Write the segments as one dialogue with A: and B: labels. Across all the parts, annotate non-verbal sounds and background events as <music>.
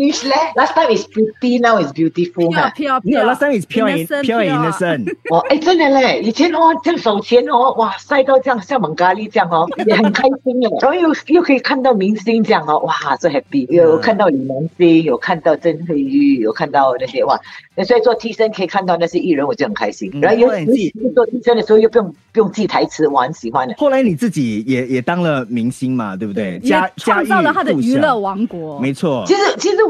A: <music> Last time is
B: beauty，now is beautiful，嘛 yeah,、huh?，yeah，last time is pure in，pure in the sun。哦，真的咧，以前哦，趁暑天哦，哇，晒到醬，像蒙咖喱醬哦，也很開心哦。 <laughs> 然後又又可以看到明星醬哦，哇，最、so、happy，、uh. 有看到李南星，有看到鄭惠玉，有看到那些哇，所以做替身可以看到那些藝人，我就很開心。Mm -hmm. 然後又自
A: 己做替身的時候，又不用不用記台詞，我很喜歡的。後來你自己也也當了明星嘛，對不對？對家創造了他的娛樂
C: 王國，沒
A: 錯。其實其實。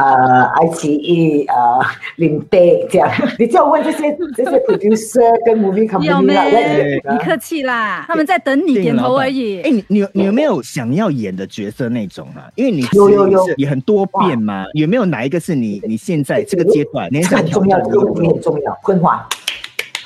B: 呃愛奇藝啊，uh, 林貝，這樣 <laughs> 你就問這些 <laughs> 這些 producer 跟 movie company 有沒
C: 啦，你客氣啦，他們在等你點頭而已。誒、欸，
A: 你你有你有冇想要演的角色那種啊？因為你其實也很多變嘛有有有，有沒有哪一個是你你現在這個階段？你很，這個，很重要，重要，重要，坤華。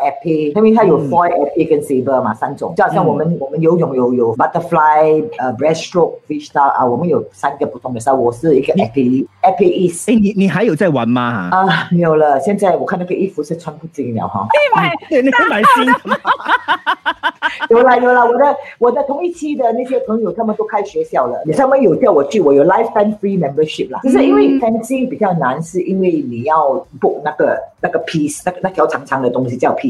B: epee，因為它有 foil、嗯、epee 跟 saber 嘛三種，就好像我們、嗯、我們游泳有有 butterfly，呃、uh, breaststroke，freestyle 啊、uh,，我們有三個不同的 style，我是一個 epee，epee is，誒你你還有在玩嗎？啊，沒有了，現在我看那個衣服是穿不進了。哈，
A: 對、嗯、買，你買新，
B: 有啦有啦，我的我的同一期的那些朋友他們都開學校了，你上面有叫我去，我有 lifetime free membership 啦，就、嗯、是因為 fencing 比較難，是因為你要 book 那個那個 piece，那個那條長長的東西叫 piece。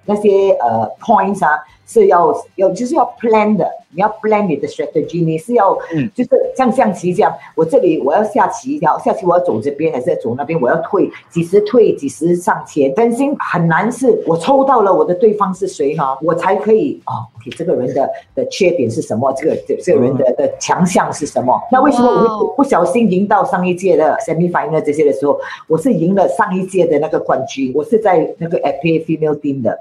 B: 那些呃、uh, points 啊，是要要就是要 plan 的，你要 plan 你的 strategy，你是要，嗯，就是像象棋這樣，我這裏我要下棋，要下棋我要走這邊，還是要走那邊，我要退幾時退幾時上前，擔心很難是，我抽到了我的對方是誰哈，我才可以哦，給、okay，這個人的的缺點是什麼，這個這這個、人的、嗯、的強項是什麼。那為什麼我會不小心贏到上一屆的 semi final 這些的時候，我是贏了上一屆的那個冠軍，我是在那個 FPA female team 的。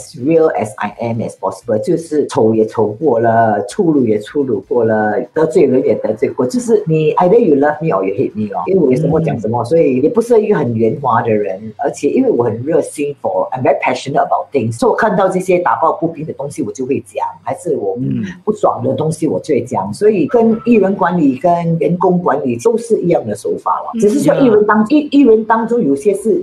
B: As real as I am as possible，就是醜也醜過了，粗魯也粗魯過了，得罪人也得罪過。就是你 either you love me or you hate me 咯。因為我有什麼講什麼、嗯，所以也不是一個很圓滑的人。而且因為我很熱心，for I'm very passionate about things，所以我看到這些打抱不平的東西，我就會講，還是我嗯不爽的東西，我就會講。所以跟藝人管理跟員工管理都是一樣的手法啦。只是說藝人當、一、嗯、藝人當中有些是。